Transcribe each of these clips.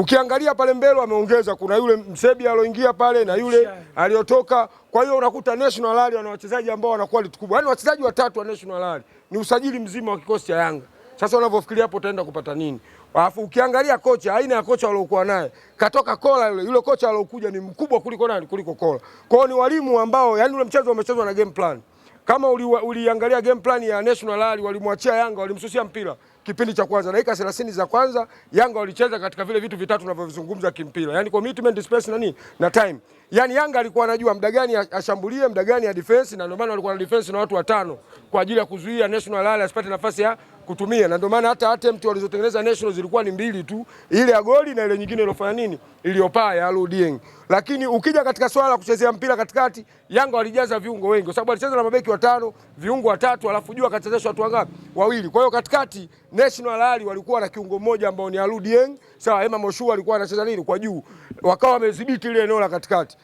Ukiangalia pale mbele wameongeza, kuna yule Msebi aloingia pale na yule aliyotoka. Kwa hiyo unakuta National Rally wana wachezaji ambao wana quality kubwa, yaani wachezaji watatu wa National Rally ni usajili mzima wa kikosi cha Yanga. Sasa unavyofikiria hapo utaenda kupata nini? Alafu ukiangalia kocha, aina ya kocha waliokuwa naye, katoka Kola yule. Yule kocha aliokuja ni mkubwa kuliko nani? Kuliko Kola. Kwa hiyo ni walimu ambao, yani ule mchezo umechezwa na game plan. Kama uliangalia uli game plan ya National Rally, walimwachia Yanga, walimsusia mpira kipindi cha kwanza, dakika 30 za kwanza Yanga walicheza katika vile vitu vitatu tunavyozungumza kimpira, yani commitment, space na nini na time. Yani Yanga alikuwa anajua muda gani ashambulie, muda gani ya defense, na ndio maana walikuwa na defense na watu watano kwa ajili ya kuzuia National Lala asipate nafasi ya kutumia, na ndio maana hata attempt walizotengeneza national zilikuwa ni mbili tu, ile ya goli na ile nyingine iliyofanya nini, iliyopaa ya Alou Lakini ukija katika swala la kuchezea mpira katikati, Yanga walijaza viungo wengi, kwa sababu alicheza na mabeki watano, viungo watatu, alafu jua akachezesha watu wangapi? Wawili. Kwa hiyo katikati national hali walikuwa na kiungo mmoja ambao ni Alou sawa. Emma Moshua alikuwa anacheza nini kwa juu, wakawa wamedhibiti ile eneo la katikati.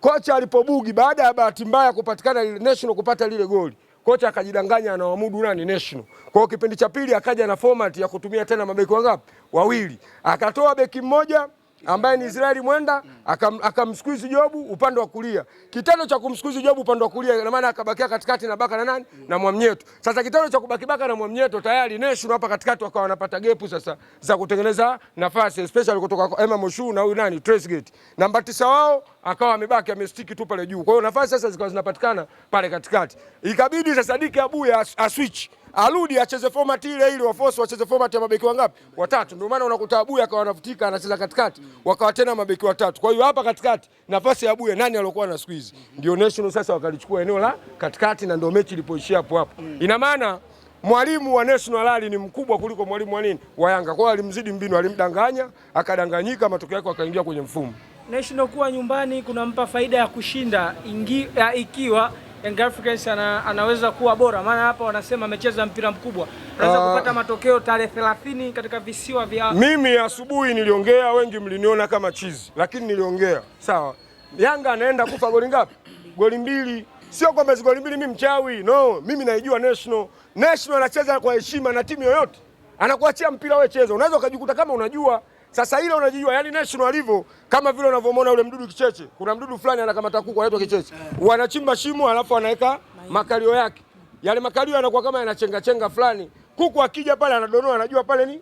Kocha alipobugi baada ya bahati mbaya kupatikana national kupata lile goli kocha akajidanganya anawamudu nani national. Kwa hiyo kipindi cha pili akaja na format ya kutumia tena mabeki wangapi? Wawili. Akatoa beki mmoja ambaye ni Israeli Mwenda mm. akamskuizi akamsikuizi Jobu upande wa kulia. Kitendo cha kumsikuizi Jobu upande wa kulia ina maana akabakia katikati na baka na nani mm. na Mwamnyeto. Sasa kitendo cha kubaki baka na Mwamnyeto tayari Neshu hapa katikati wakawa wanapata gepu sasa za kutengeneza nafasi especially kutoka kwa Emma Moshu na huyu nani Trace Gate. Namba tisa wao akawa amebaki amestiki tu pale juu. Kwa hiyo nafasi sasa zikawa zinapatikana pale katikati. Ikabidi sasa Diki Abuya aswitch as arudi acheze format ile ile, wafosi wacheze format ya mabeki wangapi? Watatu. Ndio maana unakuta Abuye akawa anavutika anacheza katikati, wakawa tena mabeki watatu. Kwa hiyo hapa katikati nafasi ya Abuye nani aliyokuwa na squeeze? Ndio National sasa wakalichukua eneo la katikati, na ndio mechi ilipoishia hapo hapo. Mm. Ina maana mwalimu wa National Rally ni mkubwa kuliko mwalimu wa nini wa Yanga. Kwa hiyo alimzidi mbinu, alimdanganya akadanganyika, matokeo yake akaingia kwenye mfumo. National kuwa nyumbani kunampa faida ya kushinda ingi, ya ikiwa Young Africans ana, anaweza kuwa bora, maana hapa wanasema amecheza mpira mkubwa, anaweza uh, kupata matokeo tarehe 30 katika visiwa vya. Mimi asubuhi niliongea, wengi mliniona kama chizi, lakini niliongea sawa. Yanga anaenda kufa goli ngapi? Goli mbili. Sio kwamba hizo goli mbili mimi mchawi, no. Mimi naijua national national anacheza kwa heshima na timu yoyote, anakuachia mpira wewe, cheza. Unaweza ukajikuta kama unajua sasa hilo unajijua, yani national alivyo, kama vile unavyomona ule mdudu kicheche. Kuna mdudu fulani anakamata kuku anaitwa kicheche, eh. wanachimba shimo alafu anaweka makalio yake, yale makalio yanakuwa kama yanachenga chenga fulani. Kuku akija pale anadonoa, anajua pale ni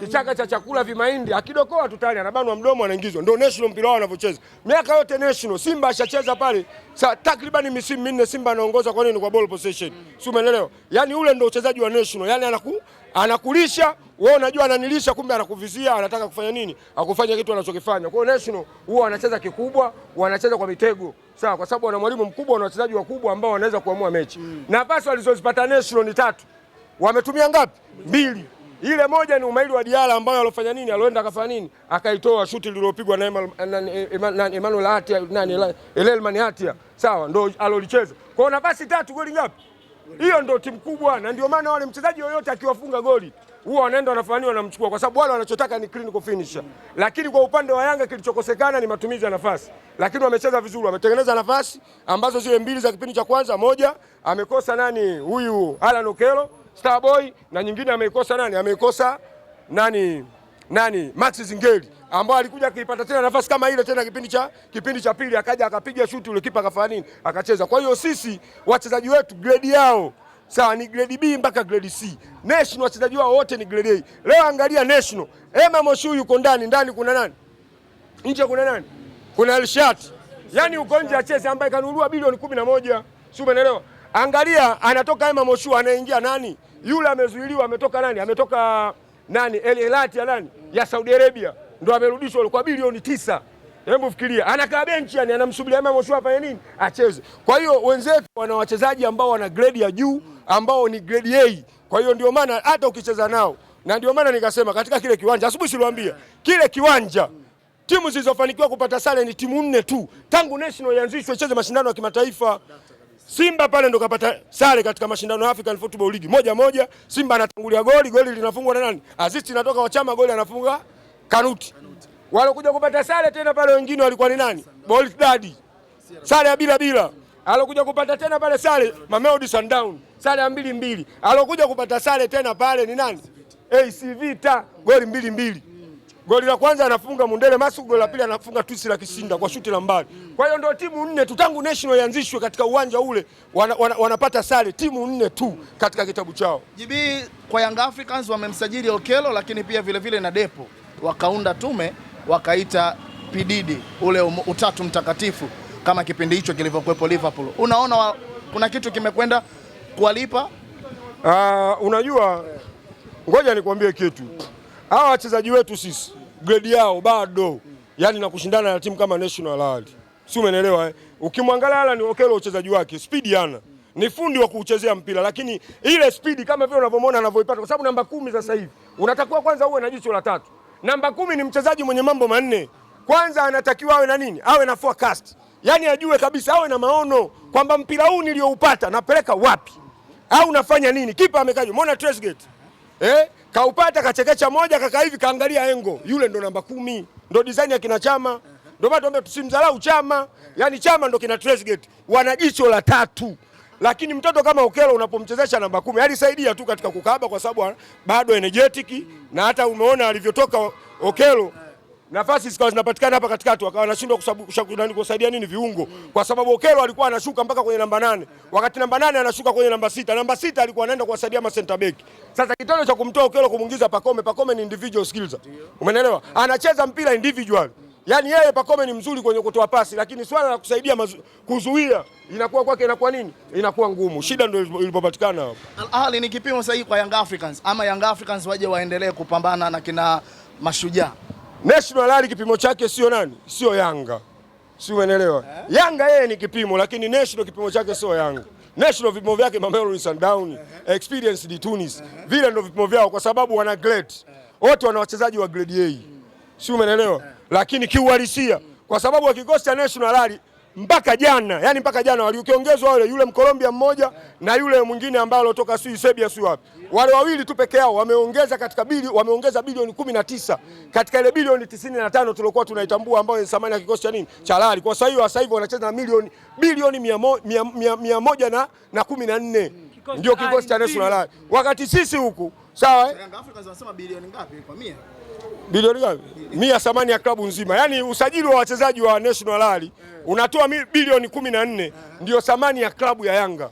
kichaka cha chakula vimaindi akidokoa tutani anabanwa mdomo, anaingizwa. Ndio national mpira wao wanavyocheza miaka yote national. Simba ashacheza pale takriban misimu minne, Simba anaongoza. Kwa nini? Kwa ball possession, si umeelewa? Yani ule ndio uchezaji wa national, yani anaku anakulisha wewe, unajua ananilisha, kumbe anakuvizia, anataka kufanya nini? Akufanya kitu anachokifanya. Kwa hiyo national huwa wanacheza kikubwa, wanacheza kwa mitego sawa, kwa sababu wana mwalimu mkubwa na wachezaji wakubwa ambao wanaweza kuamua mechi mm. na walizozipata national ni tatu, wametumia ngapi? Mbili. Ile moja ni umaili wa Diala ambayo alofanya nini, alioenda akafanya nini, akaitoa shuti lililopigwa na Emmanuel Hatia nani Elelman Hatia, sawa, ndo alolicheza kwao. Nafasi tatu goli ngapi? Hiyo ndo timu kubwa, na ndio maana wale mchezaji yoyote akiwafunga goli huwa wanaenda wanafanya wanamchukua, kwa sababu wale wanachotaka ni clinical finisher. Lakini kwa upande wa Yanga kilichokosekana ni matumizi ya nafasi, lakini wamecheza vizuri, wametengeneza nafasi ambazo zile mbili za kipindi cha kwanza, moja amekosa nani huyu Alan Okelo Starboy na nyingine ameikosa nani? Ameikosa nani? Nani? Max Zingeli ambaye alikuja kuipata tena nafasi kama ile tena kipindi cha kipindi cha pili akaja akapiga shuti ule kipa akafanya nini? Akacheza. Kwa hiyo sisi wachezaji wetu grade yao sawa ni grade B mpaka grade C. National wachezaji wao wote ni grade A. Leo angalia National. Emma Moshu yuko ndani, ndani kuna nani? Nje kuna nani? Kuna Elshat. Yaani uko nje acheze ambaye kanunua bilioni 11. Sio umeelewa? Angalia anatoka Emma Moshu anaingia nani? Yule amezuiliwa ametoka nani? Ametoka nani? El ya nani? Ya Saudi Arabia. ndo amerudishwa kwa bilioni tisa. Hebu fikiria. Anakaa benchi yani anamsubiri ama Moshua afanye nini? Acheze. Kwa hiyo wenzetu wana wachezaji ambao wana grade ya juu ambao ni grade A. Kwa hiyo ndio maana hata ukicheza nao na ndio maana nikasema katika kile kiwanja asubuhi siliwaambia kile kiwanja timu zilizofanikiwa kupata sare ni timu nne tu tangu national ianzishwe icheze mashindano ya kimataifa. Simba pale ndo kapata sare katika mashindano ya African Football League moja moja. Simba anatangulia goli, goli linafungwa na nani? Assist inatoka Wachama, goli anafunga Kanuti. Walokuja kupata sare tena pale wengine walikuwa ni nani? Daddy. Sare ya bila bila. Alokuja kupata tena pale sare Mamelodi Sundown. Sare ya mbili mbili. Alokuja kupata sare tena pale ni nani? AC Vita, goli mbili mbili. Goli la kwanza anafunga Mundele Masu, goli la pili anafunga Tusi la Kisinda kwa shuti la mbali. Kwa hiyo ndio timu nne tu tangu national ianzishwe katika uwanja ule wana, wana, wanapata sare timu nne tu katika kitabu chao. JB kwa Young Africans wamemsajili Okelo, lakini pia vile vile na Depo wakaunda tume wakaita Pididi ule um, utatu mtakatifu kama kipindi hicho kilivyokuwepo Liverpool. Unaona wa, kuna kitu kimekwenda kuwalipa? Uh, unajua ngoja nikwambie kitu hawa wachezaji wetu sisi grade yao bado yani, na kushindana na timu kama National Rally, si umeelewa eh? Ukimwangalia ni okelo uchezaji wake spidi yana ni fundi wa kuuchezea mpira, lakini ile spidi kama vile unavyomwona anavyoipata, kwa sababu namba kumi sasa hivi unatakiwa kwanza uwe na jicho la tatu. Namba kumi ni mchezaji mwenye mambo manne. Kwanza anatakiwa awe na nini? Awe na forecast, yaani ajue kabisa, awe na maono kwamba mpira huu nilioupata napeleka wapi au nafanya nini. Kipa amekaje? Umeona Trezeguet eh? Kaupata kachekecha moja kaka hivi kaangalia engo. Yule ndo namba kumi. Ndo design ya kina Chama. ndo maana tuombe tusimdharau Chama. yani Chama ndo kina Tresgate. Wana jicho la tatu. Lakini mtoto kama Okelo unapomchezesha namba kumi, alisaidia tu katika kukaba kwa sababu bado energetic na hata umeona alivyotoka Okelo nafasi zikawa zinapatikana hapa katikati, wakawa wanashindwa kusaidia nini viungo, kwa sababu Okelo alikuwa anashuka mpaka kwenye namba nane, wakati namba nane anashuka kwenye namba sita. Namba sita alikuwa anaenda kuwasaidia masenta center back. Sasa kitendo cha kumtoa Okelo kumuingiza Pakome, Pakome ni individual skills, umeelewa? Anacheza mpira individual, yani yeye Pakome ni mzuri kwenye kutoa pasi, lakini swala la kusaidia mazu, kuzuia inakuwa kwake inakuwa nini, inakuwa ngumu. Shida ndio ilipopatikana hapo. Al Ahly ni kipimo sahihi kwa Young Africans, ama Young Africans waje waendelee kupambana na kina Mashujaa. National Ali kipimo chake sio nani? Sio Yanga, si umeelewa? Eh? Yanga yeye ni kipimo, lakini National kipimo chake sio Yanga. National vipimo vyake Mamelodi Sundowns, uh eh? -huh. Experience di Tunis, Uh eh? -huh. vile ndio vipimo vyao, kwa sababu wana grade eh. wote, uh -huh. wana wachezaji wa grade A, si umeelewa? Uh -huh. Lakini kiuhalisia, uh -huh. kwa sababu wa kikosi cha National Ali mpaka jana, yani mpaka jana waliokiongezwa wale, yule Mkolombia mmoja na yule mwingine ambaye alotoka si Serbia si wapi, wale wawili tu peke yao wameongeza katika bili, wameongeza bilioni kumi na tisa katika ile bilioni tisini na tano tuliokuwa tunaitambua ambayo ni thamani ya kikosi cha nini cha Lali. Kwa sababu sasa hivi wanacheza na milioni bilioni mia, mo, mia, mia, mia moja na, na kumi na nne ndio kikosi cha al Lali, wakati sisi huku sawa eh? bilioni ngapi? Mia thamani ya klabu nzima, yaani usajili wa wachezaji wa National Rally unatoa bilioni kumi na nne ndio thamani ya klabu ya Yanga,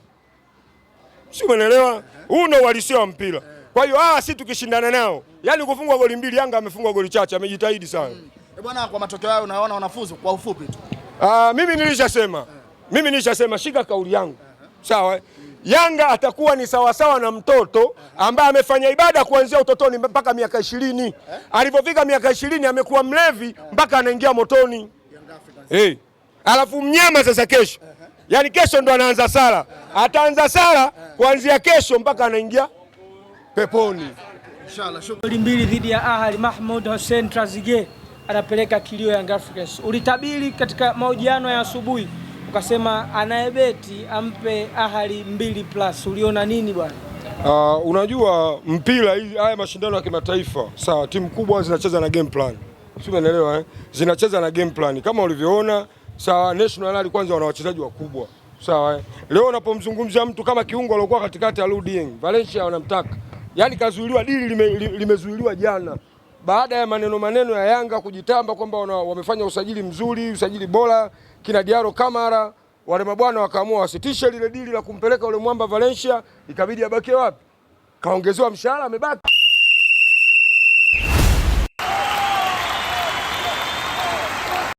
si umeelewa? Huu ndio uhalisia wa mpira. Kwa hiyo ah, si tukishindana nao, yaani kufungwa goli mbili, Yanga amefungwa goli chache, amejitahidi sana hmm. eh, bwana. Kwa matokeo hayo unaona wanafuzu kwa ufupi tu. Ah, mimi nilishasema, mimi nilishasema, shika kauli yangu, eh, eh. sawa. Yanga atakuwa ni sawasawa na mtoto ambaye amefanya ibada kuanzia utotoni mpaka miaka ishirini. Alipofika miaka ishirini amekuwa mlevi mpaka anaingia motoni. Hey. Alafu mnyama sasa kesho, yaani kesho ndo anaanza sala, ataanza sala kuanzia kesho mpaka anaingia peponi. Goli mbili dhidi ya Ahli Mahmoud Hussein Trazige anapeleka kilio Young Africans. Ulitabiri katika mahojiano ya asubuhi ukasema anayebeti ampe Ahali mbili plus, uliona nini bwana? Uh, unajua mpira hii, haya mashindano ya kimataifa sawa, timu kubwa zinacheza na game plan, si umeelewa eh? Zinacheza na game plan kama ulivyoona sawa. National Rally kwanza wana wachezaji wakubwa sawa eh? Leo unapomzungumzia mtu kama kiungo aliokuwa katikati ya Ludieng Valencia wanamtaka, yani kazuiliwa, dili limezuiliwa lime jana baada ya maneno maneno ya Yanga kujitamba kwamba wamefanya usajili mzuri, usajili bora kina Diaro Kamara, wale mabwana wakaamua wasitishe lile dili la kumpeleka ule mwamba Valencia, ikabidi abakie wapi? Kaongezewa mshahara, amebaki